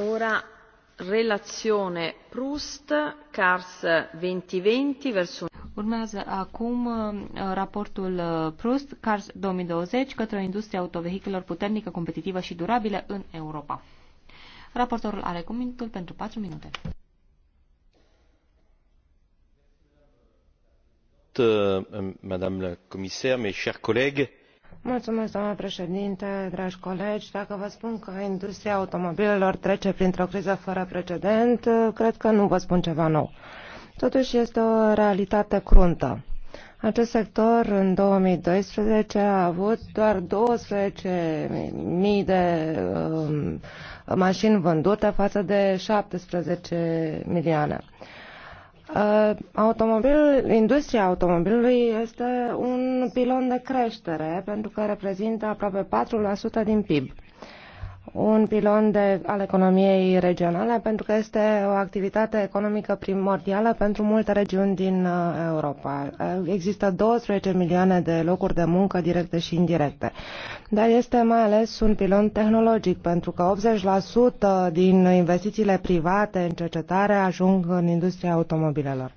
ora relazione Proust, Cars 2020 versus Urmează acum uh, raportul uh, Proust, Cars 2020, către o industrie autovehiculelor puternică, competitivă și durabilă în Europa. Raportorul are cuvântul pentru 4 minute. Uh, madame la commissaire, mes chers collègues, Mulțumesc, doamnă președinte, dragi colegi. Dacă vă spun că industria automobilelor trece printr-o criză fără precedent, cred că nu vă spun ceva nou. Totuși este o realitate cruntă. Acest sector în 2012 a avut doar 12.000 de um, mașini vândute față de 17 milioane. Uh, Uh, automobil, industria automobilului este un pilon de creștere pentru că reprezintă aproape 4% din PIB un pilon de, al economiei regionale pentru că este o activitate economică primordială pentru multe regiuni din uh, Europa. Uh, există 12 milioane de locuri de muncă directe și indirecte, dar este mai ales un pilon tehnologic pentru că 80% din investițiile private în cercetare ajung în industria automobilelor.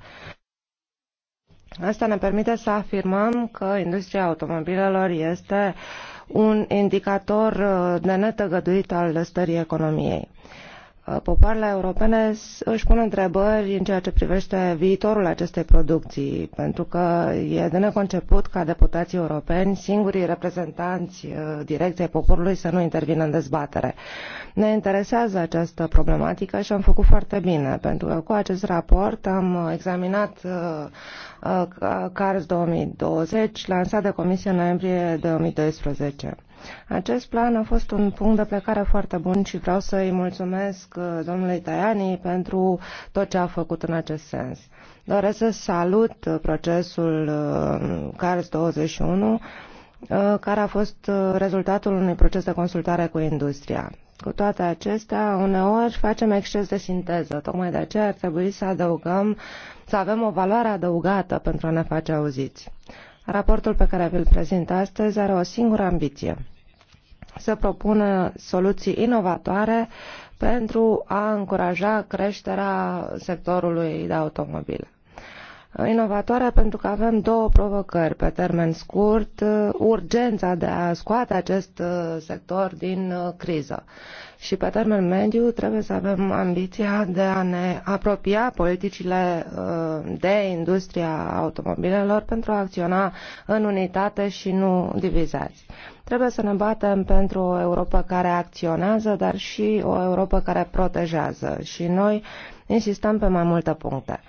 Asta ne permite să afirmăm că industria automobilelor este uh, un indicator uh, de netăgăduit al stării economiei. Uh, popoarele europene își pun întrebări în ceea ce privește viitorul acestei producții, pentru că e de neconceput ca deputații europeni, singurii reprezentanți uh, direcției poporului, să nu intervină în dezbatere. Ne interesează această problematică și am făcut foarte bine, pentru că cu acest raport am examinat uh, CARS 2020, lansat de Comisia noiembrie 2012. Acest plan a fost un punct de plecare foarte bun și vreau să îi mulțumesc uh, domnului Tajani pentru tot ce a făcut în acest sens. Doresc să salut uh, procesul uh, CARS 21 care a fost rezultatul unui proces de consultare cu industria. Cu toate acestea, uneori facem exces de sinteză, tocmai de aceea ar trebui să adăugăm, să avem o valoare adăugată pentru a ne face auziți. Raportul pe care vi-l prezint astăzi are o singură ambiție, să propună soluții inovatoare pentru a încuraja creșterea sectorului de automobile. Uh, inovatoare pentru că avem două provocări pe termen scurt, uh, urgența de a scoate acest uh, sector din criză și pe termen mediu trebuie să avem ambiția de a ne apropia politicile de industria automobilelor pentru a acționa în unitate și nu divizați. Trebuie să ne batem pentru o Europa care acționează, dar și o Europa care protejează și noi insistăm pe mai multe puncte.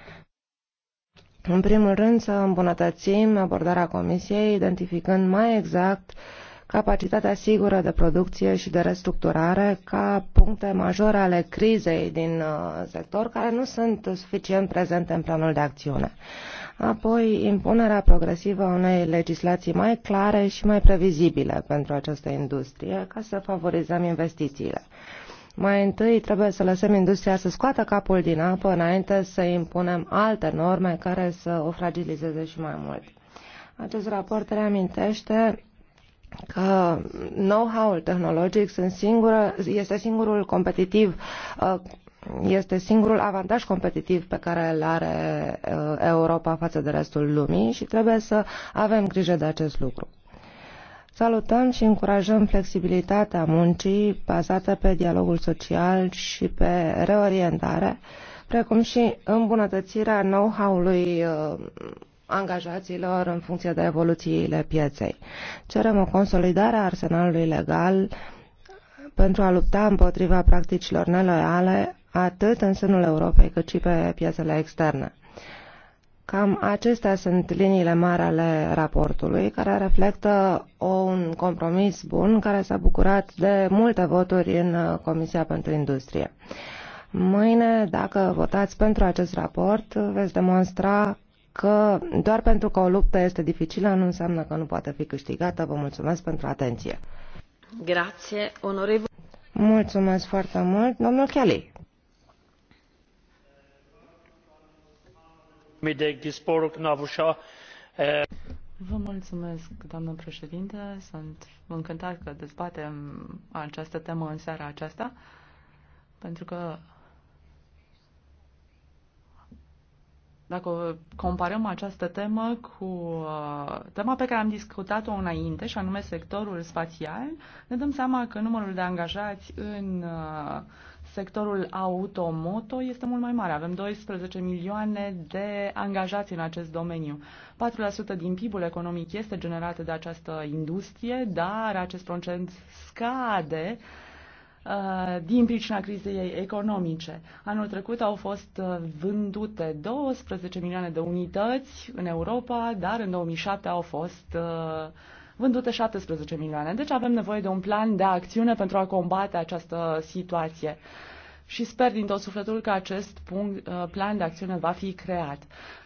În primul rând să îmbunătățim abordarea Comisiei, identificând mai exact capacitatea sigură de producție și de restructurare ca puncte majore ale crizei din uh, sector, care nu sunt suficient prezente în planul de acțiune. Apoi, impunerea progresivă a unei legislații mai clare și mai previzibile pentru această industrie, ca să favorizăm investițiile. Mai întâi trebuie să lăsăm industria să scoată capul din apă înainte să impunem alte norme care să o fragilizeze și mai mult. Acest raport reamintește că know-how-ul tehnologic sunt singură, este singurul competitiv uh, este singurul avantaj competitiv pe care îl are uh, Europa față de restul lumii și trebuie să avem grijă de acest lucru. Salutăm și încurajăm flexibilitatea muncii bazată pe dialogul social și pe reorientare, precum și îmbunătățirea know-how-ului uh, angajaților în funcție de evoluțiile pieței. Cerem o consolidare a arsenalului legal pentru a lupta împotriva practicilor neloiale, atât în sânul Europei cât și pe piețele externe. Cam acestea sunt liniile mari ale raportului, care reflectă un compromis bun care s-a bucurat de multe voturi în uh, Comisia pentru Industrie. Mâine, dacă votați pentru acest raport, veți demonstra că doar pentru că o luptă este dificilă nu înseamnă că nu poate fi câștigată. Vă mulțumesc pentru atenție. Grație, onorevole. Mulțumesc foarte mult, domnul Kelly. Vă mulțumesc, doamnă președinte. Sunt încântat că dezbatem această temă în seara aceasta, pentru că dacă comparăm această temă cu uh, tema pe care am discutat-o înainte, și anume sectorul spațial, ne dăm seama că numărul de angajați în uh, sectorul automoto este mult mai mare. Avem 12 milioane de angajați în acest domeniu. 4% din PIB-ul economic este generat de această industrie, dar acest procent scade uh, din pricina crizei economice. Anul trecut au fost uh, vândute 12 milioane de unități în Europa, dar în 2007 au fost uh, vândute 17 milioane. Deci avem nevoie de un plan de acțiune pentru a combate această situație și sper din tot sufletul că acest punct, uh, plan de acțiune va fi creat.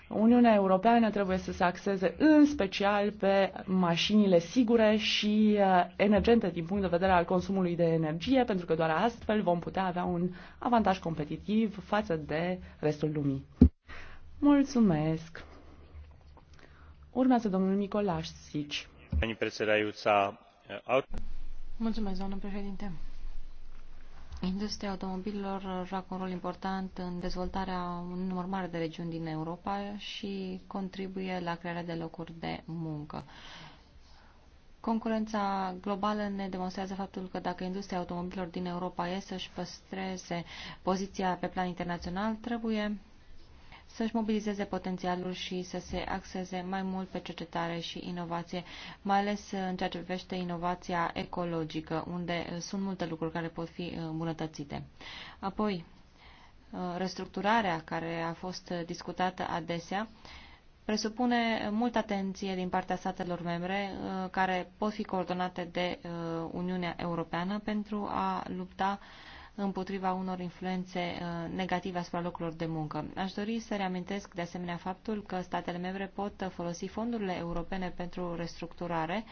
Uniunea Europeană trebuie să se axeze în special pe mașinile sigure și uh, energente din punct de vedere al consumului de energie, pentru că doar astfel vom putea avea un avantaj competitiv față de restul lumii. Mulțumesc! Urmează domnul Nicolaș Sici președinte. Industria automobilelor joacă un rol important în dezvoltarea unui număr mare de regiuni din Europa și contribuie la crearea de locuri de muncă. Concurența globală ne demonstrează faptul că dacă industria automobilor din Europa este să-și păstreze poziția pe plan internațional, trebuie să-și mobilizeze potențialul și să se axeze mai mult pe cercetare și inovație, mai ales în ceea ce privește inovația ecologică, unde uh, sunt multe lucruri care pot fi uh, îmbunătățite. Apoi, uh, restructurarea care a fost discutată adesea presupune multă atenție din partea statelor membre care pot fi coordonate de Uniunea Europeană pentru a lupta uh, împotriva unor influențe uh, negative asupra locurilor de muncă. Aș dori să reamintesc de asemenea faptul că statele membre pot folosi fondurile europene pentru restructurare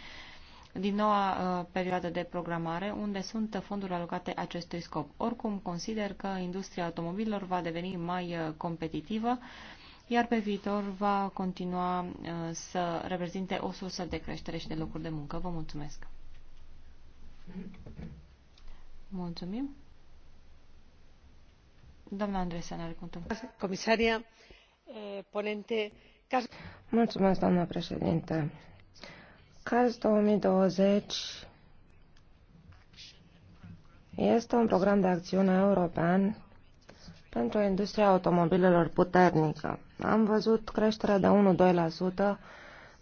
din noua uh, perioadă de programare, unde sunt fonduri alocate acestui scop. Oricum, consider că industria automobilor va deveni mai uh, competitivă, iar pe viitor va continua să reprezinte o sursă de creștere și de locuri de muncă. Vă mulțumesc! Mulțumim! doamnă eh, Președinte, cars două mii douăzeci președinte. este un program de acțiune european pentru industria automobilelor puternică. Am văzut creșterea de 1-2%,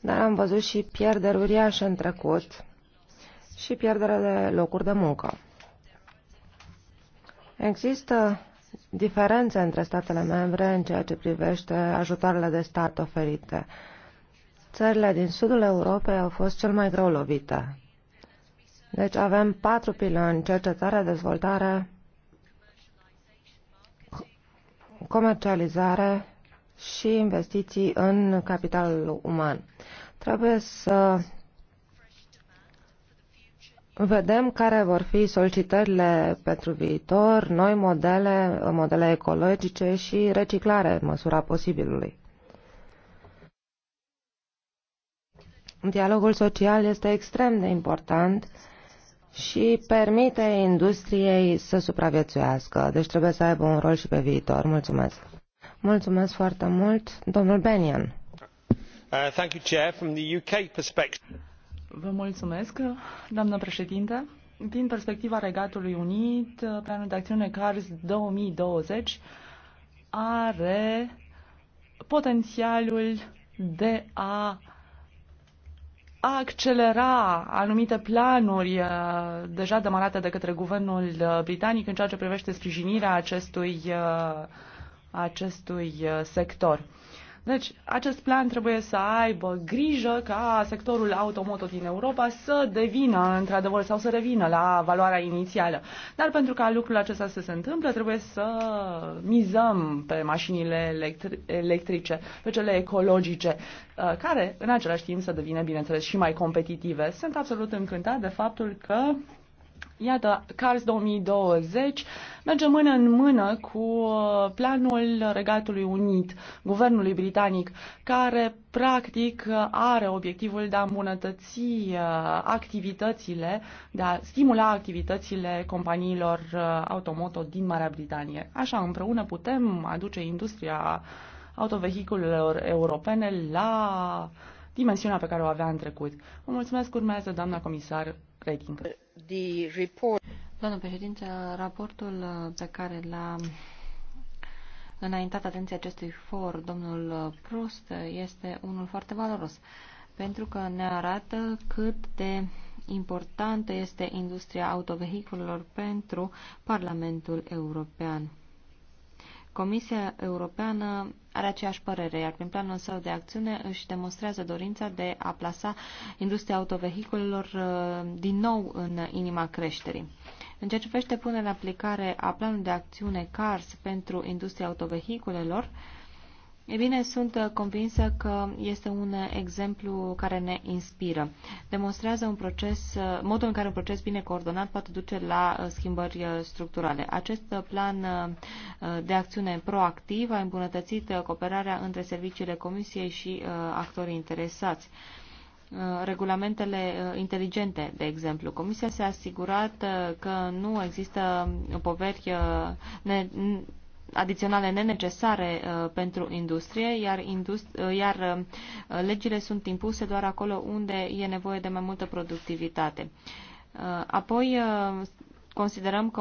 dar am văzut și pierderi uriașe în trecut și pierderea de locuri de muncă. Există diferențe între statele membre în ceea ce privește ajutoarele de stat oferite. Țările din sudul Europei au fost cel mai greu lovite. Deci avem patru piloni, cercetare, dezvoltare, comercializare și investiții în capitalul uman. Trebuie să Vedem care vor fi solicitările pentru viitor, noi modele, modele ecologice și reciclare în măsura posibilului. Dialogul social este extrem de important și permite industriei să supraviețuiască, deci trebuie să aibă un rol și pe viitor. Mulțumesc! Mulțumesc foarte mult, domnul Benian! Uh, thank you, Chair. From the UK perspective... Vă mulțumesc, doamnă președinte. Din perspectiva Regatului Unit, planul de acțiune CARS 2020 are potențialul de a accelera anumite planuri uh, deja demarate de către guvernul uh, britanic în ceea ce privește sprijinirea acestui, uh, acestui sector. Deci, acest plan trebuie să aibă grijă ca sectorul automoto din Europa să devină, într-adevăr, sau să revină la valoarea inițială. Dar pentru ca lucrul acesta să se întâmple, trebuie să mizăm pe mașinile electri- electrice, pe cele ecologice, uh, care, în același timp, să devină, bineînțeles, și mai competitive. Sunt absolut încântat de faptul că Iată, CARS 2020 merge mână în mână cu uh, planul Regatului Unit, guvernului britanic, care practic are obiectivul de a îmbunătăți uh, activitățile, de a stimula activitățile companiilor uh, automoto din Marea Britanie. Așa, împreună putem aduce industria autovehiculelor europene la uh, dimensiunea pe care o avea în trecut. Vă mulțumesc, urmează doamna comisar Reding. Doamna președinte, raportul pe care l-a înaintat atenția acestui for, domnul Prost, este unul foarte valoros, pentru că ne arată cât de importantă este industria autovehiculelor pentru Parlamentul European. Comisia Europeană are aceeași părere, iar prin planul său de acțiune își demonstrează dorința de a plasa industria autovehiculelor uh, din nou în inima creșterii. În ceea ce privește punerea în aplicare a planului de acțiune CARS pentru industria autovehiculelor, E bine, sunt uh, convinsă că este un uh, exemplu care ne inspiră. Demonstrează un proces, uh, modul în care un proces bine coordonat poate duce la schimbări structurale. Acest plan de acțiune proactiv a îmbunătățit cooperarea între serviciile Comisiei și actorii interesați regulamentele inteligente, de exemplu. Comisia s-a asigurat că nu există poveri adiționale nenecesare uh, pentru industrie, iar, uh, iar uh, legile sunt impuse doar acolo unde e nevoie de mai multă productivitate. Uh, apoi, considerăm că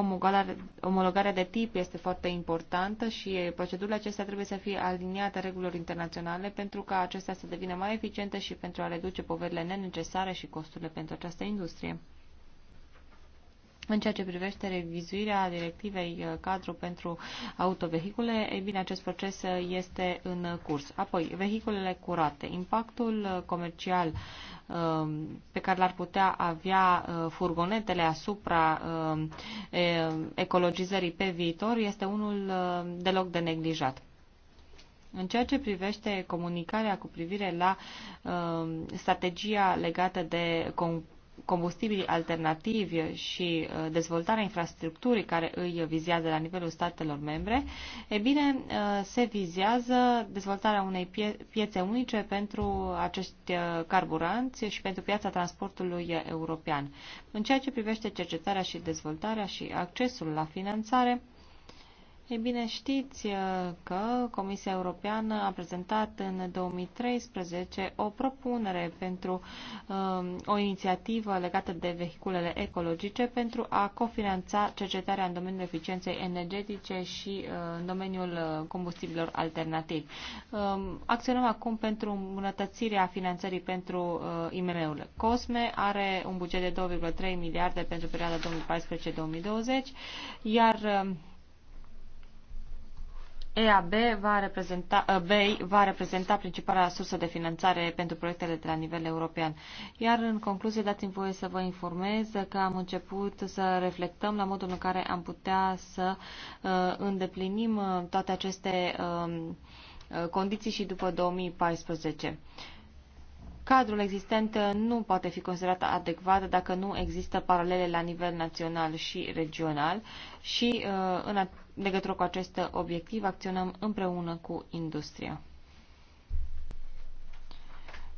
omologarea de tip este foarte importantă și procedurile acestea trebuie să fie aliniate regulilor internaționale pentru ca acestea să devină mai eficiente și pentru a reduce poverile nenecesare și costurile pentru această industrie. În ceea ce privește revizuirea directivei uh, cadru pentru autovehicule, e bine, acest proces uh, este în curs. Apoi, vehiculele curate. Impactul uh, comercial um, pe care l-ar putea avea furgonetele asupra um, ecologizării pe viitor este unul deloc de neglijat. În ceea ce privește comunicarea cu privire la uh, strategia legată de combustibili alternativi și uh, dezvoltarea infrastructurii care îi vizează la nivelul statelor membre, e bine, uh, se vizează dezvoltarea unei pie piețe unice pentru acești uh, carburanți și pentru piața transportului european. În ceea ce privește cercetarea și dezvoltarea și accesul la finanțare, E bine, știți uh, că Comisia Europeană a prezentat în 2013 o propunere pentru um, o inițiativă legată de vehiculele ecologice pentru a cofinanța cercetarea în domeniul eficienței energetice și uh, în domeniul uh, combustibilor alternativi. Um, acționăm acum pentru îmbunătățirea finanțării pentru uh, imm ul COSME are un buget de 2,3 miliarde pentru perioada 2014-2020, iar uh, EAB va reprezenta, uh, BEI va reprezenta principala sursă de finanțare pentru proiectele de la nivel european. Iar în concluzie dați-mi voie să vă informez că am început să reflectăm la modul în care am putea să uh, îndeplinim uh, toate aceste um, condiții și după 2014. Cadrul existent nu poate fi considerat adecvat dacă nu există paralele la nivel național și regional și în legătură cu acest obiectiv, acționăm împreună cu industria.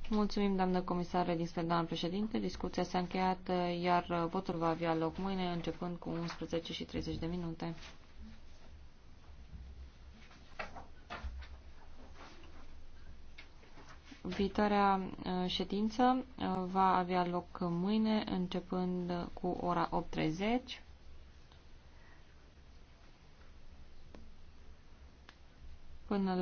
Mulțumim, doamnă comisară din doamnă președinte. Discuția s-a încheiat, iar votul va avea loc mâine, începând cu 11 și 30 de minute. Viitoarea uh, ședință uh, va avea loc mâine, începând cu ora 8.30. până la